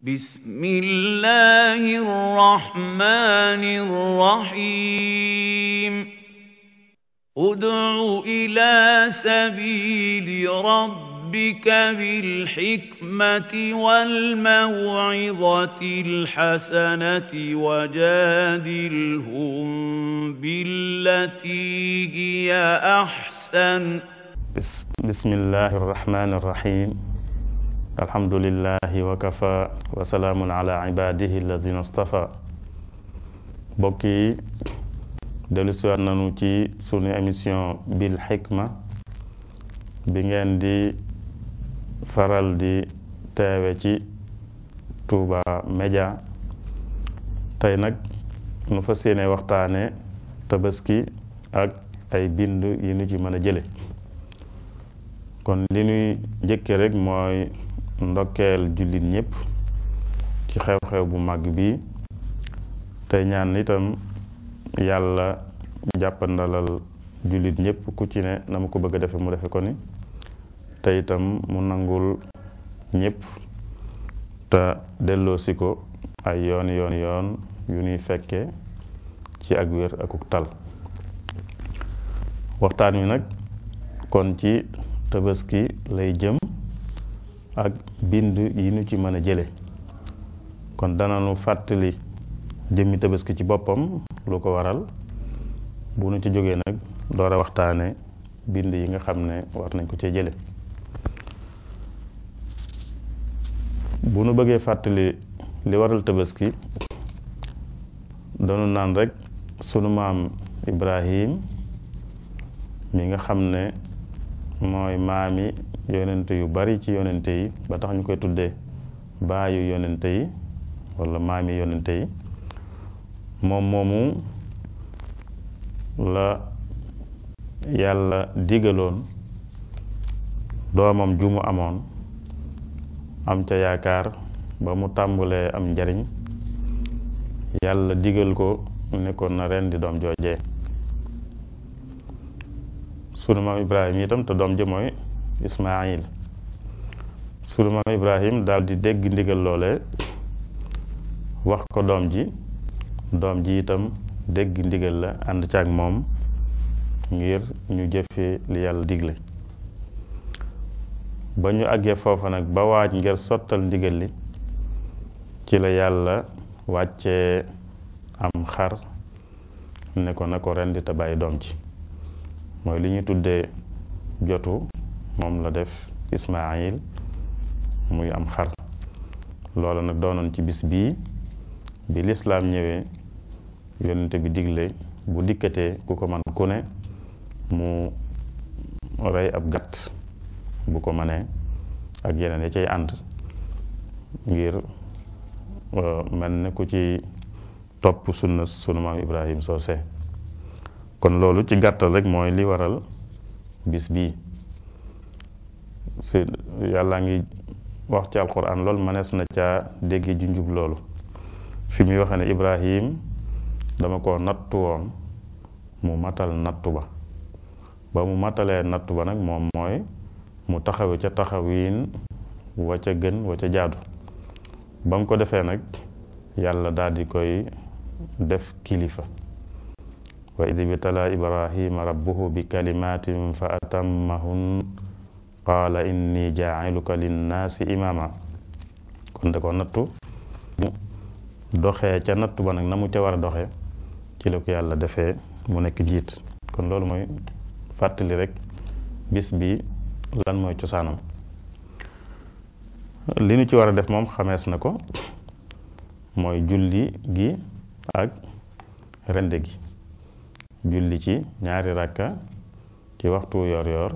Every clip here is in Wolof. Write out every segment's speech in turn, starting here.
بسم الله الرحمن الرحيم ادع إلى سبيل ربك بالحكمة والموعظة الحسنة وجادلهم بالتي هي أحسن بسم الله الرحمن الرحيم الحمد لله وكفى وسلام على عباده الذين اصطفى بوكي دلسوا نانو تي سوني اميسيون بالحكمه بيغن دي فارال دي تيوي توبا مجا تاينك نك نو فاسيني تبسكي اك اي بندو ينجي نجي مانا كون لي نوي جيكي موي ndokel julit ñep ci xew-xew bu mag bi tay ñaan itam yalla jappandalal julit ñep ku ci ne nam ko bëgg a mu defe ko ni tay itam mu nangul ñëpp te delloosi ko ay yoon yoon yoon yu ñuy fekke ci ak akuk tal waxtaan wi nak kon ci tabaski lay jëm ak bind yi nu ci mën a jële kon dananu fàttali jëmmi tabaski ci boppam lu ko waral bu nu ci jógee nag door a waxtaane bind yi nga xam ne war nañ ko cee jële bu nu bëggee fàttali li waral tabaski danu naan rek sunu maam Ibrahim mi nga xam ne mooy maami yonente yu bari ci yonente yi ba tax ñu koy tuddee baayu yonente yi wala maami yonente yi moom moomu la yàlla digaloon doomam ju mu amoon am ca yaakaar ba mu tàmbulee am njariñ yàlla digal ko nekkoon na ren di doom joojee sunu maam Ibrahima itam te doom ji mooy Ismaayil sunu maam Ibrahima daal dégg ndigal loole wax ko doom ji doom ji itam dégg ndigal la ànd ca ak moom ngir ñu jëfee li yàlla digle ba ñu àggee foofa nag ba waaj ngir sottal ndigal li ci la yàlla wàccee am xar ne ko na ko rendi te bàyyi doom ji mooy li ñu tuddee jotu moom la def ismail muy am xar loola nag doonoon ci bis bii bi lislaam ñëwee yonente bi digle bu dikkatee ku ko man ku ne mu rey ab gatt bu ko manee ak yeneen ya cay ànd ngir euh, mel ne ku ci topp sunna sunu maam ibrahim soo see kon loolu ci gàttal rek mooy li waral bis bi si yàllaa ngi wax ci alquran loolu mënees na caa dégge junjub loolu fi muy waxee ne Ibrahim dama ko nattu woon mu matal nattu ba ba mu matalee nattu ba nag moom mooy mu taxaw ca taxawiin wa ca gën wa ca jaadu ba mu ko defee nag yàlla daal di koy def kilifa wa id ibtala ibrahima rabbuhu bikalimatin fa atammahun qala inni jailuka linnasi imama kon da ko nattu mu doxee ca nattu ba nag na mu ca war a doxee ci la ko yàlla defee mu nekk jiit kon loolu mooy fàttali rek bis bi lan mooy cosaanam li nu ci war a def moom xamees na ko mooy julli gi ak rende gi julli ci ñaari rakka ci waxtu yor yor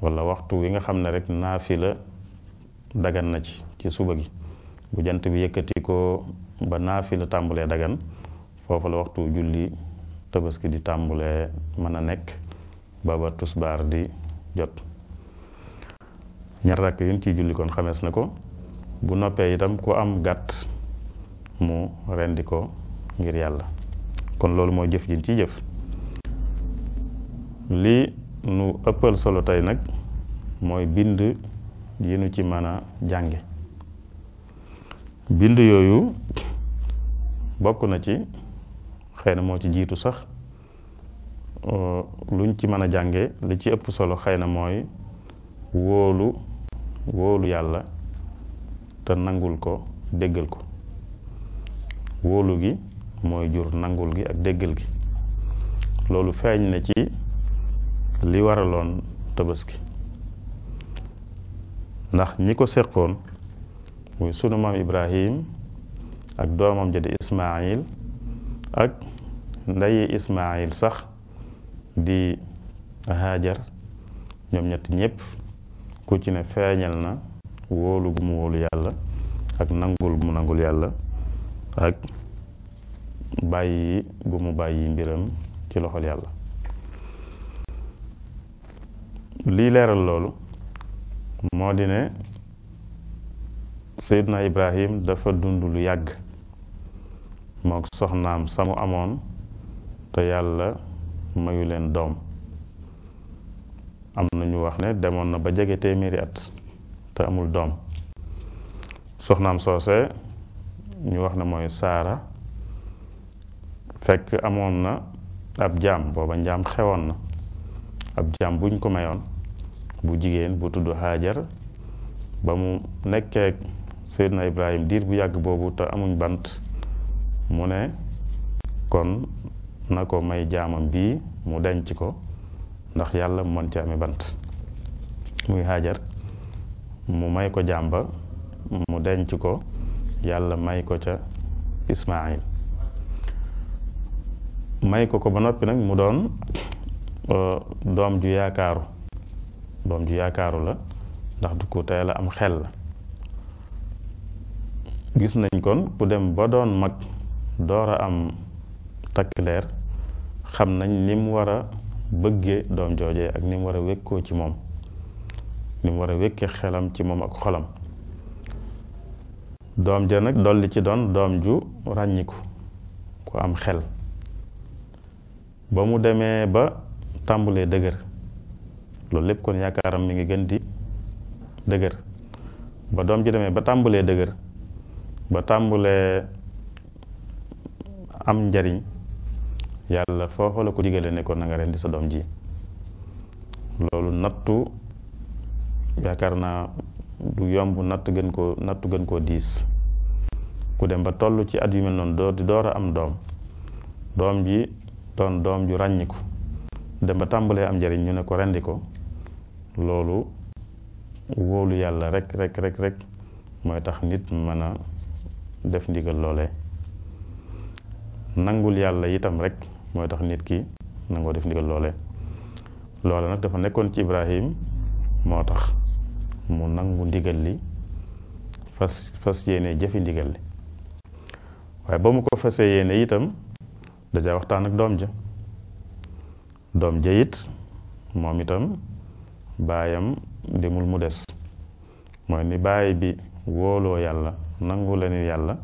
wala waxtu yi nga xamne ne rek naafila dagan na ci ci suba gi bu jant bi yëkkati ko ba naafila tàmbulee dagan fofu la waxtu julli tabaski di tàmbulee mën nek baba tusbar di jot ñaar rakka yun ci julli kon xames nako bu noppé itam ku am gat mu rendiko ko ngir yalla kon loolu mooy jëf jiñ ciy jëf li nu ëppal solo tey nag mooy bind yi nu ci mën a jànge bind yooyu bokk na ci xëy na moo ci jiitu sax euh, luñ ci mën a jànge li ci ëpp solo xëy na mooy wóolu wóolu yàlla te nangul ko déggal ko wóolu gi mooy jur nangul gi ak déggal gi loolu feeñ na ci li waraloon tabaski ndax ñi ko seqoon muy sunu maam Ibrahim ak doomam ja di Ismaayil ak ndeyi Ismaayil sax di Haajar ñoom ñett ñépp ku ci ne feeñal na wóolu gu mu wóolu yàlla ak nangul gu mu nangul yàlla ak bàyyi gu mu bàyyi mbiram ci loxol yàlla lii leeral loolu moo di ne Seydina Ibrahim dafa dund lu yàgg mook soxnaam samu amoon te yàlla mayu leen doom am na ñu wax ne demoon na ba jege téeméeri at te amul doom soxnaam soose ñu wax ne mooy Saara fekk amoon na ab jaam booba njaam xewoon na ab jaam buñ ko mayoon bu jigéen bu tudd Haajar ba mu nekkee Seydina Ibrahim diir bu yàgg boobu te amuñ bant mu ne kon na ko may jaamam bii mu denc ko ndax yàlla mu mën ci amee bant muy Haajar mu may ko jaam ba mu denc ko yàlla may ko ca Ismaayil may ko ko ba nopi nak mu don eh, dom ju yakaru dom ju yakaru la ndax du ko teel am xel gis nañ kon ku dem ba don mak dora am tak leer xam nañ lim wara war dom bëggee ak nim wara wekko ci mom nim wara wekke xelam ci mom ak xolam Dom ja nak doli ci don dom ju ragniku ku am xel ba mu demee ba tàmbulee dëgër loolu lépp kon yaakaaram mi ngi gën di dëgër ba doom ji demee ba tàmbulee dëgër ba tàmbulee am njariñ yàlla foofa la ko digale ne ko na nga di sa doom ji loolu nattu yaakaar naa du yomb nattu gën koo nattu gën koo diis ku dem ba toll ci at yu mel noonu doo di door a am doom doom ji doon doom ju ràññiku dem ba tàmbalee am njariñ ñu ne ko rendi ko loolu wóolu yàlla rek rek rek rek mooy tax nit mën a def ndigal loole nangul yàlla itam rek mooy tax nit ki nangoo def ndigal loolee loola nag dafa nekkoon ci Ibrahim moo tax mu nangu ndigal li fas fas yéene jëfi ndigal li waaye ba mu ko fasee yéene itam dajaa waxtaan ak doom ja doom ja it moom itam baayam demul mu des mooy ni baay bi wóoloo yàlla nangu la ni yàlla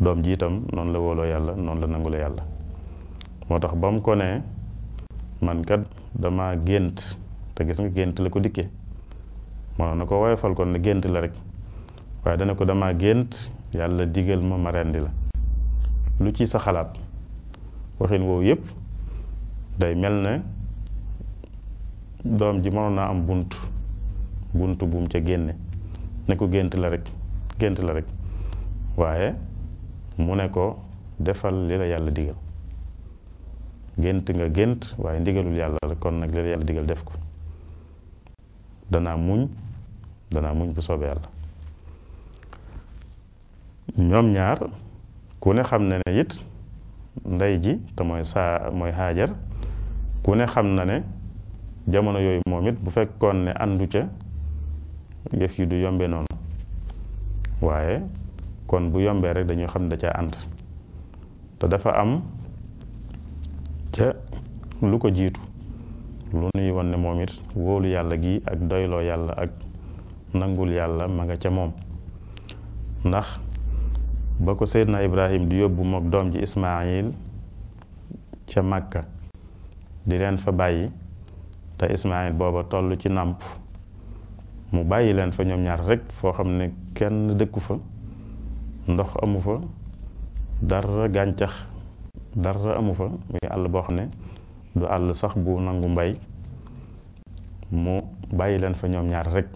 doom ji itam noonu la wóoloo yàlla noon la nangu la yàlla moo tax ba mu ko nee man kat dama gént te gis nga gént la ko dikkee mënoon na ko woyofal kon ne gént la rek waaye dana ko dama gént yàlla digal ma ma rendi la lu ci sa xalaat waxin woowu yëpp day mel na doom ji mënoon naa am bunt bunt buum ca génne ne ko gént la rek gént la rek waaye mu ne ko defal li la yàlla digal gént nga gént waaye ndigalul yàlla rek kon nag li la yàlla digal def ko danaa muñ danaa muñ bu soobee yàlla ñoom ñaar ku ne xam na ne it ndey ji te mooy saa mooy hajar ku ne xam na ne jamono yooyu moom bu fekkoon ne andu ca yëf du yombe non waaye kon bu yombee rek dañuy xam da caa ànd te dafa am ca lu ko jiitu lu nuy won ne moom it wóolu yàlla gi ak doyloo yàlla ak nangul ma nga ca ndax ba ko Seydina Ibrahim di yóbbu mook doom ji Ismaayil ca Makka di leen fa bàyyi te Ismaayil booba toll ci nàmp mu bàyyi leen fa ñoom ñaar rekk foo xam ne kenn dëkku fa ndox amu fa dara gàncax dara amu fa muy àll boo xam ne du àll sax bu nangu mbay mu bàyyi leen fa ñoom ñaar rekk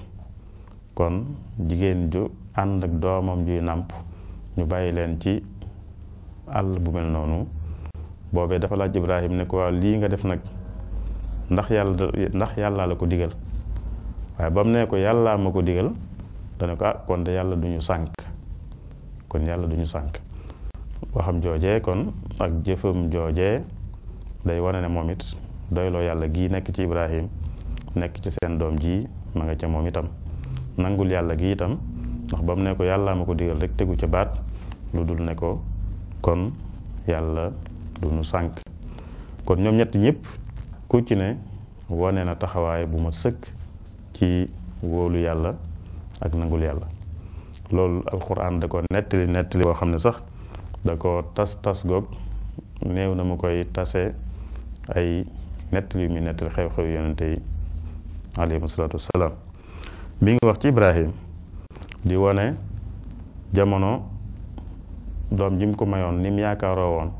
kon jigéen ju ànd ak doomam juy nàmp ñu bàyyi leen ci àll bu mel noonu boobee dafa laaj Ibrahim ne ko waaw lii nga def nag ndax yàlla la ko digal waaye ba mu ne ko yàlla ma ko digal dana ko ah kon de yàlla du ñu sànk kon yàlla du ñu sànk waxam joojee kon ak jëfam joojee day wane ne moom it doyloo yàlla gii nekk ci Ibrahim nekk ci seen doom ji ma nga ca moom itam nangul yàlla gi itam ndax ba mu ne ko yàllaa ma ko digal rek tegu ca baat lu dul ne ko kon yàlla du nu sànk kon ñoom ñett ñëpp ku ci ne wane na taxawaay bu ma sëkk ci wóolu yàlla ak nangul yàlla loolu alquran da ko nettali nettali boo xam ne sax da ko tas tas goog néew na mu koy tase ay nettali yu muy nettali xew-xew yonente yi aleyhum salaatu wasalaam mi ngi wax ci Ibrahim di wane jamono doom jim ko mayoon ni mu yaakaaroo woon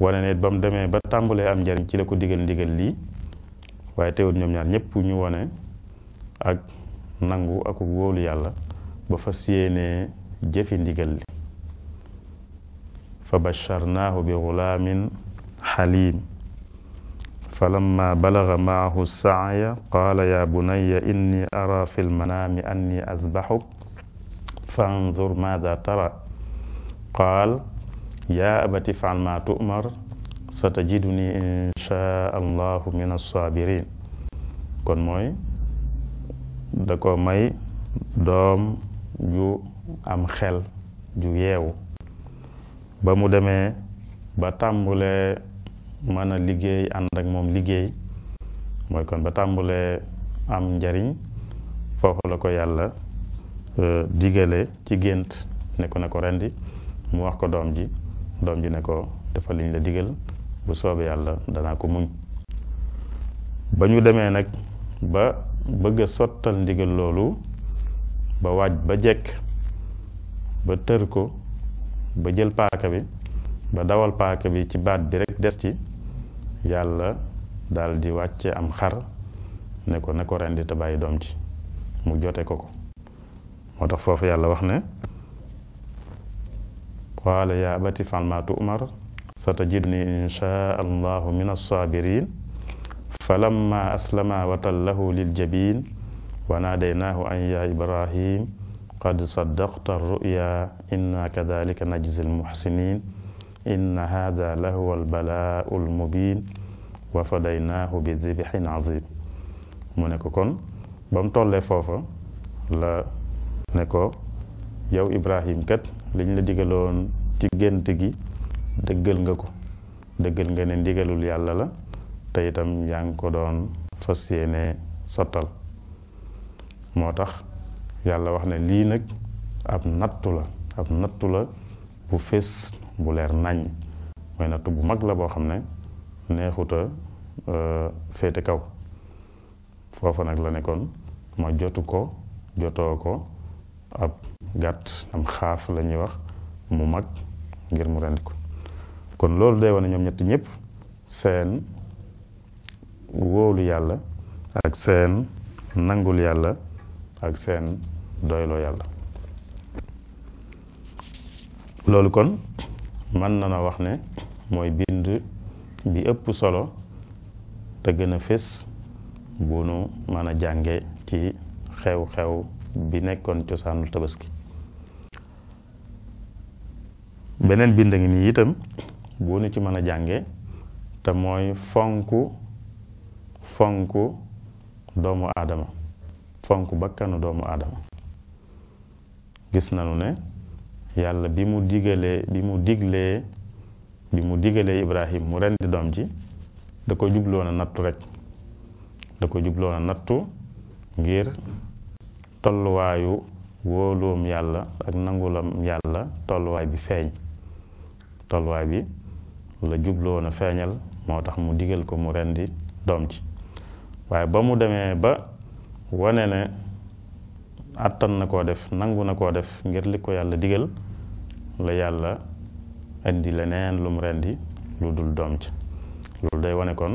wane ne ba mu demee ba tàmbalee am njariñ ci la ko digal ndigal lii waaye teewul ñoom ñaar ñëpp ñu wane ak nangu ak wóolu yàlla ba fa siyeenee jëfi ndigal li fa basharnaahu bi xulaamin xaliim فلما بلغ معه السعي قال يا بني إني أرى في المنام أني أذبحك فانظر ماذا ترى قال يا أبت افعل ما تؤمر ستجدني إن شاء الله من الصابرين كون موي دكو موي دوم جو أم خل جو يو yeewu ba mën a liggéey ànd ak moom liggéey mooy kon ba tàmbulee am njariñ foofu la ko yàlla e, digale ci gént ne ko ne ko rendi mu wax ko doom ji doom ji ne ko dafa liñ la digal bu soobe yàlla danaa ko muñ ba ñu demee nag ba bëgg a sottal ndigal loolu ba waaj ba jekk ba tër ko ba jël paaka bi ba dawal paaka bi ci baat bi rek dess ci yàlla dal di wàcce am xar ne ko ne ko rendi ta baye dom ci mu jote ko motax fofu yàlla wax ne qala ya abati fal maa tu'mar satajidni inshaa allah min as-sabirin فلما أسلم وتله للجبين وناديناه أن يا إبراهيم قد صدقت الرؤيا إنا كذلك نجزي المحسنين إن هذا لهو البلاء المبين وفديناه بذبح عظيم مونيكو كون بام تولي فوفا لا نيكو ياو ابراهيم كات لي نلا ديغالون تي گنت گي دگل نگاكو دگل نگا ني ديغالول يالا لا تاي تام يان كو دون فاسيني سوتال موتاخ يالا واخنا لي نك اب نات لا اب نات لا بو فيس bu leer nañ mooy natt bu mag la boo xam ne neexuta euh, féete kaw foofa nag la nekkoon ma jotu ko jotoo ko ab gàtt am xaaf lañuy wax mu mag ngir mu rendi ko kon loolu day wane ñoom ñett ñëpp seen wóolu yàlla ak seen nangul yàlla ak seen doyloo yàlla loolu kon man na na wax ne mooy bind bi ëpp solo te gëna a fés bu nu mën a jànge ci xew-xew bi nekkoon cosaanu tabaski beneen bind ngi nii itam bu nu ci mën a jànge te mooy fonk fonk doomu aadama fonk bakkanu doomu aadama gis nanu ne yàlla bi mu digalee bi mu diglee bi mu digalee Ibrahim mu rendi doom ji da ko jubloon a nattu rek da ko jubloon a nattu ngir tolluwaayu wóoloom yàlla ak nangulam yàlla tolluwaay bi feeñ tolluwaay bi la jubloon a feeñal moo tax mu digal ko mu rendi doom ji waaye ba mu demee ba wane ne àttan na koo def nangu na koo def ngir li ko yàlla digal la yàlla indi leneen lum rendi lu dul doom ca loolu day wone kon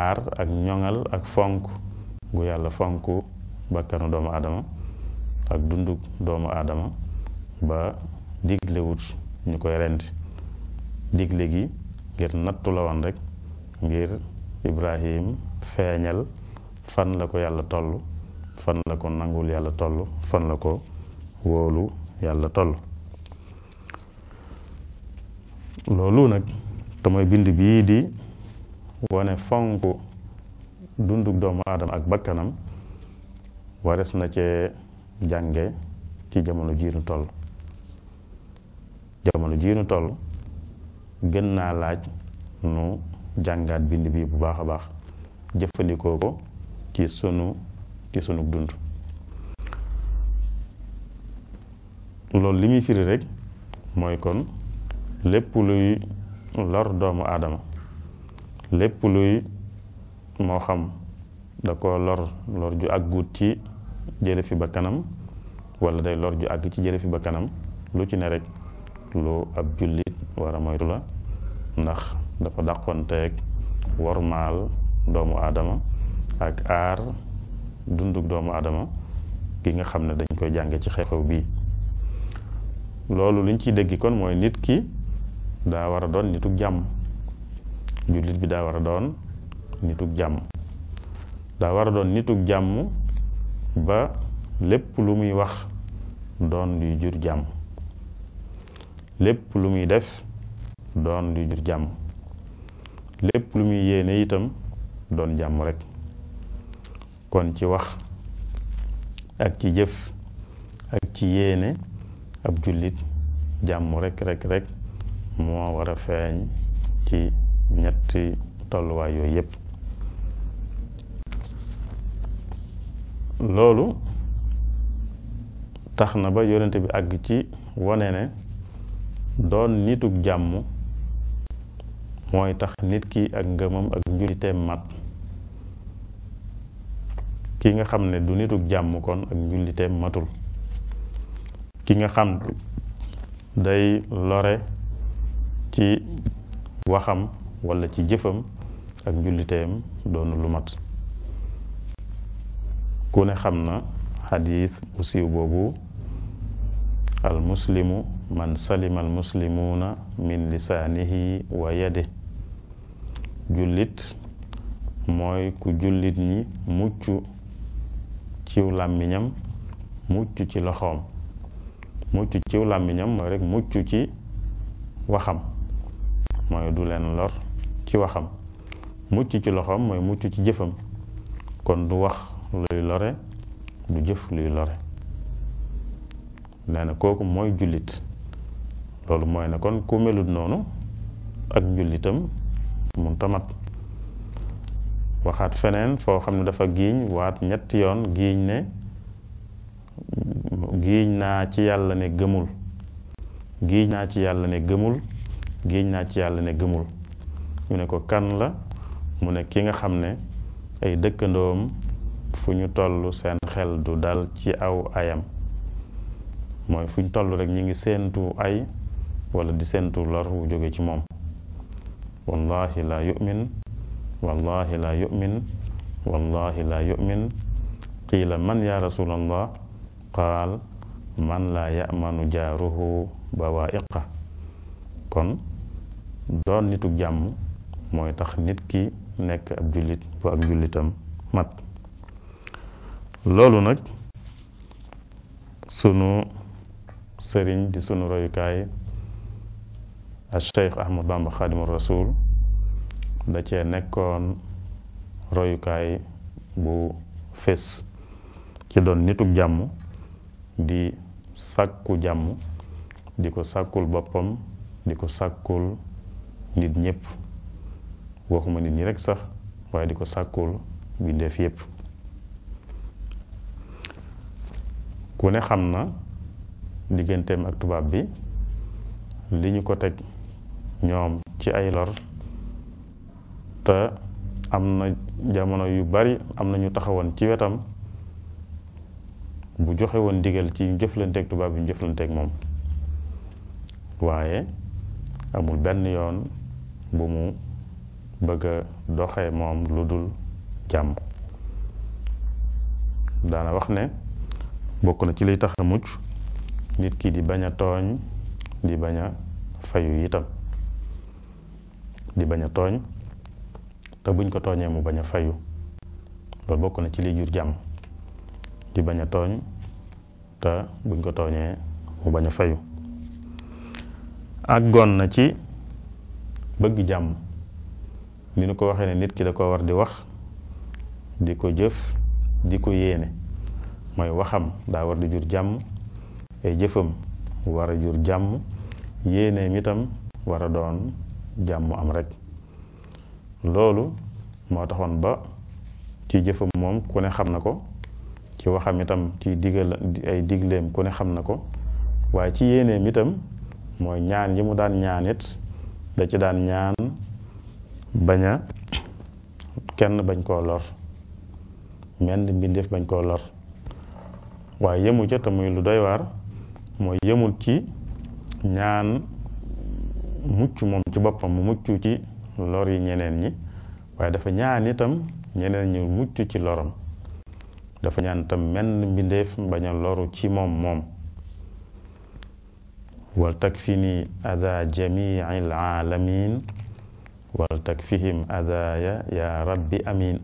aar ak ñoŋal ak fonk gu yàlla fonk bakkanu doomu aadama ak dundu doomu aadama ba diglewut ñu koy rendi digle gi ngir nattu la woon rek ngir Ibrahim feeñal fan la ko yàlla toll fan la ko nangul yàlla toll fan la ko wóolu yàlla toll loolu nag tamay bind bii di wane fonk dundug doomu aadama ak bakkanam wares na ca jànge ci jamono jiinu toll jamono jiinu toll gën naa laaj nu jàngaat bind bii bu baax a baax jëfandikoo ko ci sunu ci sunu dund loolu li muy firi rek mooy kon lépp luy lor doomu aadama lépp luy moo xam da ko lor lor ju àggut ci jële fi ba kanam walla day lor ju àgg ci jële fi ba kanam lu ci ne rek lu ab jullit war a moytu la ndax dafa dàqonteeg wormaal doomu aadama ak aar dunduk doomu aadama gi nga xam ne dañ koy jànge ci xew-xew bii loolu liñ ciy dégg kon mooy nit ki daa war a doon nitug jàmm jullit bi daa war a doon nitug jàmm daa war a doon nitug jàmm ba lépp lu muy wax doon luy jur jàmm lépp lu muy def doon luy jur jàmm lépp lu muy yéene itam doon jàmm rekk kon ci wax ak ci jëf ak ci yéene ab jullit jàmmu rekk rek moo war a feeñ ci ñetti tolluwaay yooyu yépp loolu tax na ba yonente bi àgg ci wone ne doon nitug jàmm mooy tax nit ki ak ngëmam ak njuliteem mat ki nga xam ne du nitug jàmm kon ak njuliteem matul ki nga xam day lore ci waxam walla ci jëfam ak njulliteem doonu lu mat ku ne xam na xadiis bu boobu al muslimu man salima al muslimuuna min lisaanihi wa jullit mooy ku jullit ñi mucc ciw làmmiñam mucc ci loxoom mucc ciw làmmiñam mooy rekk mucc ci waxam mooy du leen lor ci waxam mucc ci loxoom mooy mucc ci jëfam kon du wax luy lore du jëf luy lore nee na kooku mooy jullit loolu mooy ne kon ku melut noonu ak njullitam mun tamat waxaat feneen foo xam ne dafa giiñ waat ñetti yoon giiñ ne giiñ naa ci yàlla ne gëmul giiñ naa ci yàlla ne gëmul géej na ci yalla ne gëmul ñu ne ko kan la mu ne ki nga xamne ay dëkkandoom fu ñu seen xel du dal ci aw ayam moy fu ñu toll rek ñi ngi tu ay wala di sentu lor wu joge ci moom wallahi la yu'min wallahi la yu'min wallahi la yu'min qila man ya rasulullah, qal man la ya'manu jaruhu bawa'iqa kon doon nituk jàmm mooy tax nit ki nekk ab jullit bu ak jullitam mat loolu nag sunu sëriñ di sunu royukaay al cheikh ahmad bamba xaadimu rasul da cee nekkoon royukaay bu fés ci doon nituk jàmm di sàkku jàmm di ko sàkkul boppam di ko sàkkul nit ñëpp waxuma nit ñi rek sax waaye di ko sàkkul bindeef yépp ku ne xam na digganteem ak tubaab bi li ñu ko teg ñoom ci ay lor te am na jamono yu bari am na ñu taxawoon ci wetam bu joxe woon ndigal ci jëflanteeg tubaab bi ñu jëflanteeg moom waaye amul benn yoon bu mu bëgg doxee moom lu dul jàmm daana wax ne bokk na ci liy tax a mucc nit ki di bañ a tooñ di bañ a fayu itam di bañ tooñ te buñ ko tooñee mu bañ a fayu loolu bokk na ci liy jur bañ a tooñ te ko tooñee mu na ci bëgg jàmm ni ñu ko waxee ne nit ki da ko war di wax di ko jëf di ko yéene mooy waxam daa war di jur jàmm ay e jëfam war a jur jàmm yéeneem itam war a doon jàmm am rekk loolu moo taxoon ba ci jëfam moom ku ne xam na ko ci waxam itam ci digal ay digleem ku ne xam na ko waaye ci yéeneem itam mooy ñaan yi mu daan ñaanit da iya iya ci daan ñaan baña kenn bañ koo lor menn mbindeef bañ koo lor waaye yemu ca te muy lu doy waar mooy yëmul ci ñaan mucc moom ci boppam mu mucc ci lor yi ñeneen ñi waaye dafa ñaan itam ñeneen ñi mucc ci loram dafa ñaan itam mel mbindeef bañ a loru ci moom moom ولتكفني أذى جميع العالمين ولتكفهم أذايا يا ربي أمين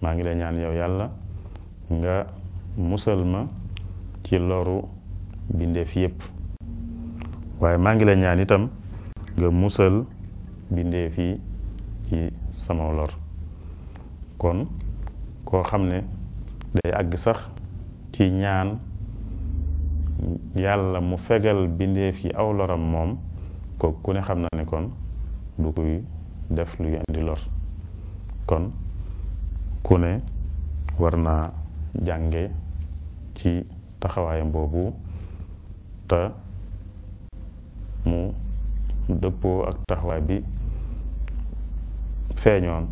maa ngi lay ñaan yow yàlla nga musal ma ci loru bindeef yépp waaye maa ngi lay ñaan itam nga musal bindeef yi ci sama lor kon koo xam ne day àgg sax ci ñaan yàlla mu fegal bindéef yi aw loram moom kook ku ne xam na ne kon du kuy def luy indi lor kon ku ne war naa jànge ci taxawaayam boobu te mu dëppoo ak taxawaay bi feeñoon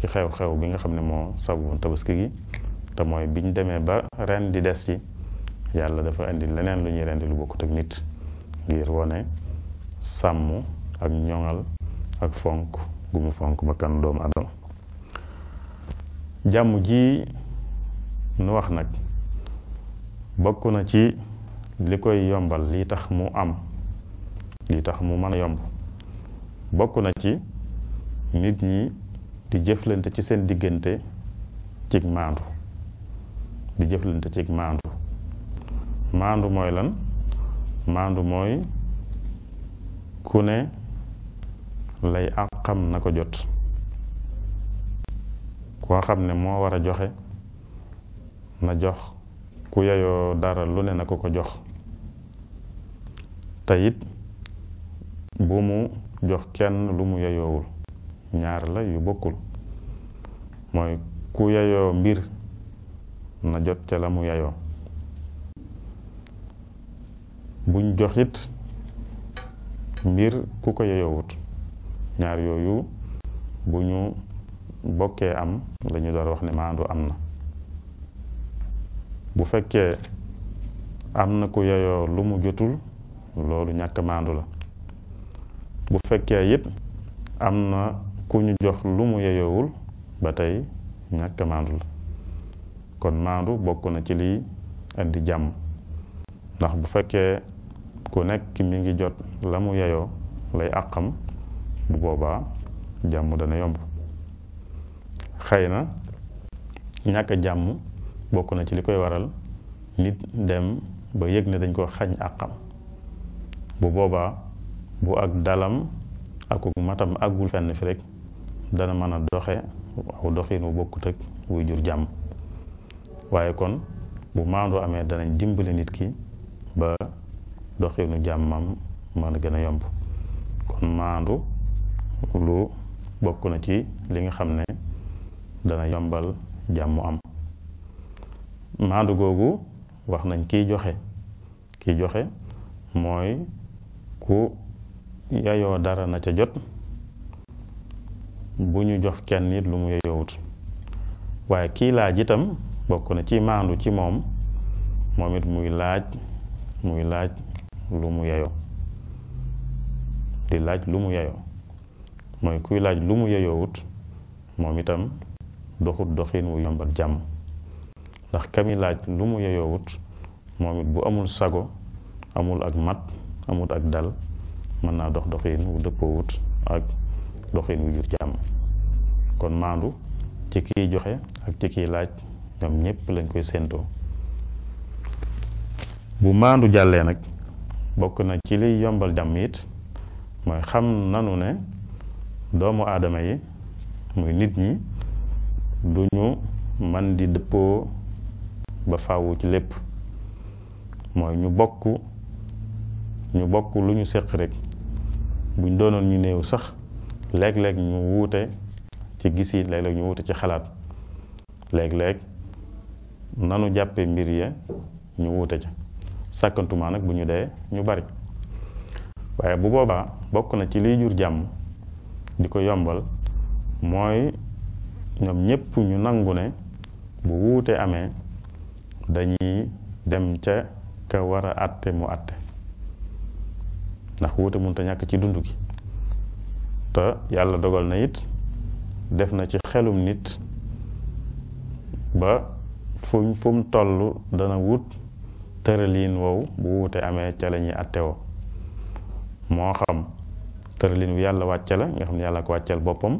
ci xew-xew bi nga xam ne moo sabu tabaski gi te mooy biñ demee ba ren di des ci yàlla dafa indi leneen lu ñuy rendi lu bokkut ak nit ngir wane sàmm ak ñoŋal ak fonk gu mu fonk bakkan doomu adama jàmm ji nu wax nag bokk na ci li koy yombal li tax mu am li tax mu man a yomb bokk na ci nit ñi di jëflante ci seen diggante cig maandu di jëflante cig maandu maandu mooy lan maandu mooy ku ne lay àqam na ko jot koo xam ne moo war a joxe na jox ku yeyoo dara lu ne na ko ko jox te it bu mu jox kenn lu mu yeyoowul ñaar la yu bokkul mooy ku yeyoo mbir na jot ca la mu yayoo buñ joxit mbir ku ko yeyowut ñaar yooyu bu ñu am lañu door wax ne maandu am na bu fekkee am na ku yeyoo lu mu jotul loolu ñàkk maandu la bu fekkee it am na ku ñu jox lu mu yeyowul ba tey maandu la kon maandu bokk na ci lii indi jam ndax bu fekkee ku nekk mi ngi jot la mu yeyoo lay àqam bu boobaa jàmm dana yomb xëy na ñàkk jàmm bokk na ci li koy waral nit dem ba yëg ne dañ ko xañ àqam bu boobaa bu ak dalam aku matam àggul fenn fi rek dana mën a doxe aw doxin wu bokkut ak wuy jur jàmm waaye kon bu maandoo amee danañ dimbali nit ki ba doxinu jàmmam mën a gën a yomb kon maandu lu bokk na ci li nga xam ne dana yombal jàmm am maandu googu wax nañ kiy joxe kiy joxe mooy ku yayoo dara na ca jot bu ñu jox kenn nit lu mu yeyowut waaye kii laaj itam bokk na ci maandu ci moom moom it muy laaj muy laaj lu mu yeyoo di laaj lu mu yeyoo mooy kuy laaj lu mu yeyoowut moom itam doxut doxin wu yombal jàmm ndax kami laaj lu mu yeyoowut moom it bu amul sago amul ak mat amut ak dal mën naa dox doxin wu dëppoowut ak doxin wu jur jàmm kon maandu ci kiy joxe ak ci kiy laaj ñoom ñépp lañ koy séentoo bu maandu jàllee nag bokk na ci liy yombal jàmm yit mooy xam nanu ne doomu aadama yi muy nit ñi du ñu man di dëppoo ba faawu ci lépp mooy ñu bokk ñu bokk lu ñu seq rek buñ doonoon ñu néew sax léeg-léeg ñu wuute ci gis yi léeg-léeg ñu wuute ci xalaat léeg-léeg nanu jàppe mbir ya ñu wuute ca sakantuma nak buñu dé ñu bari waye bu boba bokku na ci li jur jam di yombal moy ñom ñepp ñu nangu ne bu wuté amé dañuy dem ca ka wara atté mu atté ndax wuute ta ñak ci dundu gi ta yalla dogal na it def na ci xelum nit ba fum fum tollu dana wut tëraliin woowu bu wutee amee ca la ñuy attewoo moo xam tëraliin bu yàlla wàcce la nga xam ne yàlla ko wàcceel boppam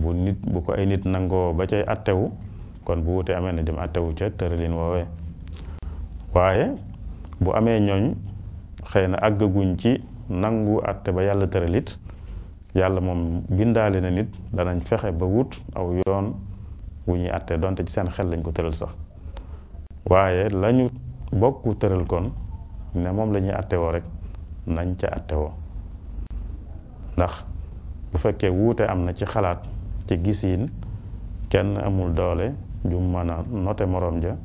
bu nit bu ko ay nit nangoo ba cay attewu kon bu wuute amee na dem attewu ca tëraliin woowee waaye bu amee ñooñ xëy na àggaguñ ci nangu atte ba yàlla tëralit yàlla moom bindaale na nit danañ fexe ba wut aw yoon wu ñuy atte donte ci seen xel lañ ko tëral sax waaye lañu bokku tëral kon ne moom lañuy ñuy attewoo rek nañ ca attewoo ndax bu fekkee wuute am na ci xalaat ci gisiin kenn amul doole ju mën a note moroom ja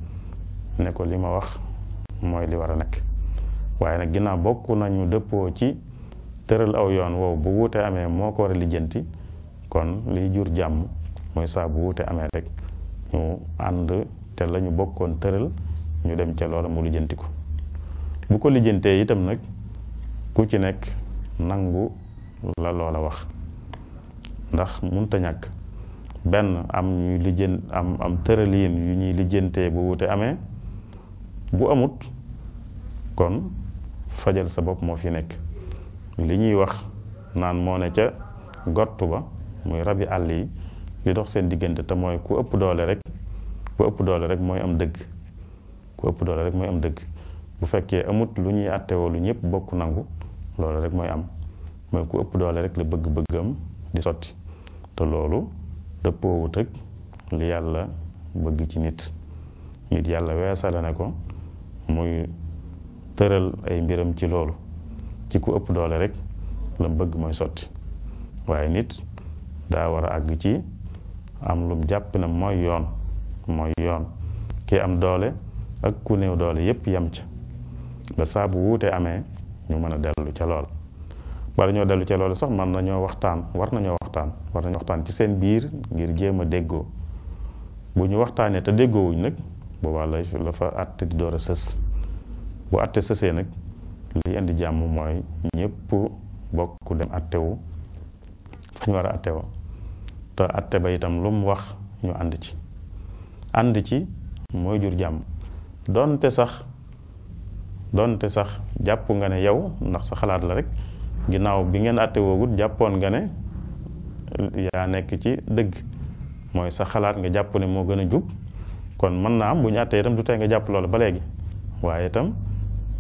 ne ko li ma wax mooy li war a nekk waaye nag ginnaaw bokk nañu dëppoo ci tëral aw yoon woowu bu wuute amee moo ko war lijjanti kon liy jur jàmm mooy saabu bu wuute amee rek ñu ànd te lañu bokkoon tëral ñu dem ca loola mu lijjanti ko bu ko lijjantee itam nag ku ci nekk nangu la loola wax ndax munta ñàkk benn am ñuy lijjan am am tëraliin yu ñuy lijjante bu wute amee bu amut kon fajal sa bopp moo fi nekk li ñuy wax naan moo ne ca gott ba muy rabi àll yi li dox seen diggante te mooy ku ëpp doole rek ku ëpp doole rek mooy am dëgg ku ëpp doole rek mooy am dëgg bu fekkee amut lu ñuy àttewoo lu ñëpp bokk nangu loolu rek mooy am mooy ku ëpp doole rek la bëgg-bëggam di sotti te loolu dëppoowut ak li yàlla bëgg ci nit nit yàlla weesale ne ko muy tëral ay mbiram ci loolu ci ku ëpp doole rek la bëgg mooy sotti waaye nit daa war a àgg ci am lu jàpp na mooy yoon mooy yoon ki am doole ak ku new doole yépp yam ca ba saa bu wuutee amee ñu mën a dellu ca lool wala ñoo dellu ca loolu sax mën nañoo waxtaan war nañoo waxtaan war nañoo waxtaan ci seen biir ngir jéem a déggoo bu ñu waxtaanee te déggoowuñ nag boobaa la la fa àtte di door a sës bu àtte sësee nag liy indi jàmm mooy ñëpp bokk dem àttewu fañ war a àttewa te àtte ba itam lu mu wax ñu ànd ci ànd ci mooy jur jàmm donte sax donte sax japp nga ne yow ndax sa xalaat la rek ginaaw bi ngeen atté wogut jàppoon nga ne ya nek ci deug moy sa xalaat nga japp ne mo gëna juk kon man na am bu ñu itam du tay nga japp loola ba légui waye itam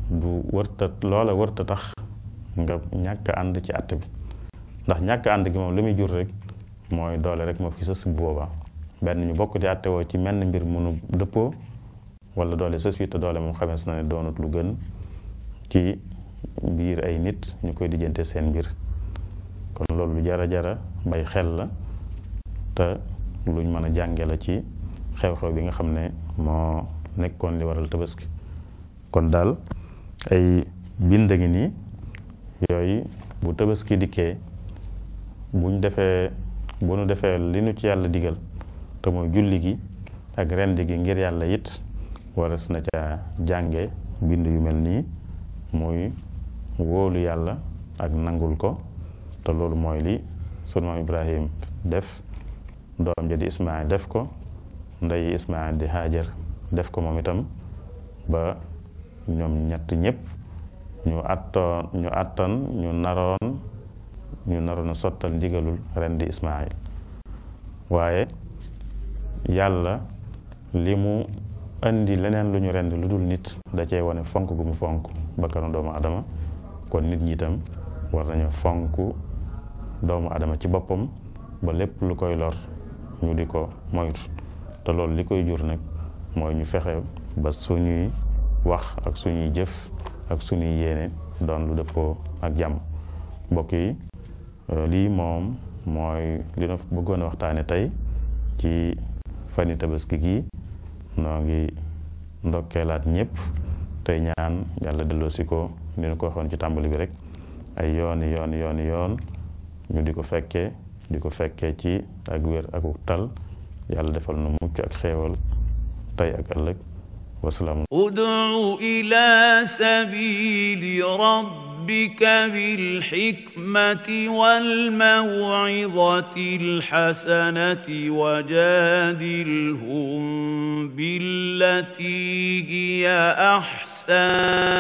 du wërta loola wërta tax nga ñak and ci atté bi ndax ñak and gi mom li jur rek moy doole rek mo fi sa sub boba ben ñu bokku di atté wo ci menn mbir mënu depo wala doole sës fi te doole moom xamees na ne doonut lu gën ci biir ay nit ñu koy dijjante seen mbir kon loolu lu jara jara bay xel la te luñ mën a jànge la ci xew-xew bi nga xam ne moo nekkoon li waral tabaski kon daal ay bind ngi nii yooyu bu tabaski dikkee buñ defee bu nu defee li nu ci yàlla digal te mooy julli gi ak rendi gi ngir yàlla it waras na ca jànge bindu yu melni moy wolu yalla ak nangul ko te lolu moy li sunu ibrahim def dom jadi ismaeil def ko ndey ismaeil di hajar def ko moom itam ba ñom ñatt ñep ñu atto ñu attan ñu naron ñu naron sotal digalul rendi ren waye yalla limu indi leneen lu ñu rend lu dul nit da cee wane fonk gu mu fonk bakkanu doomu adama kon nit ñi itam war nañu fonk doomu adama ci boppam ba lépp lu koy lor ñu di ko moytu te loolu li koy jur nag mooy ñu fexe ba suñuy wax ak suñuy jëf ak suñuy yéene doon lu dëppoo ak jàmm mbokk yi euh, lii moom mooy li na bëggoon a waxtaane tey ci fani tabaski gi noo ngi ndokkeelaat ñëpp tey ñaan yàlla delloosi ko ni ko waxoon ci tàmbali bi rek ay yooni yooni yoon ñu di ko fekkee di ko fekkee ci ak wér ak tal yàlla defal nu mucc ak xéewal tey ak ëllëg wasalaamu ud'u ila sabili rabb ربك بالحكمة والموعظة الحسنة وجادلهم بالتي هي أحسن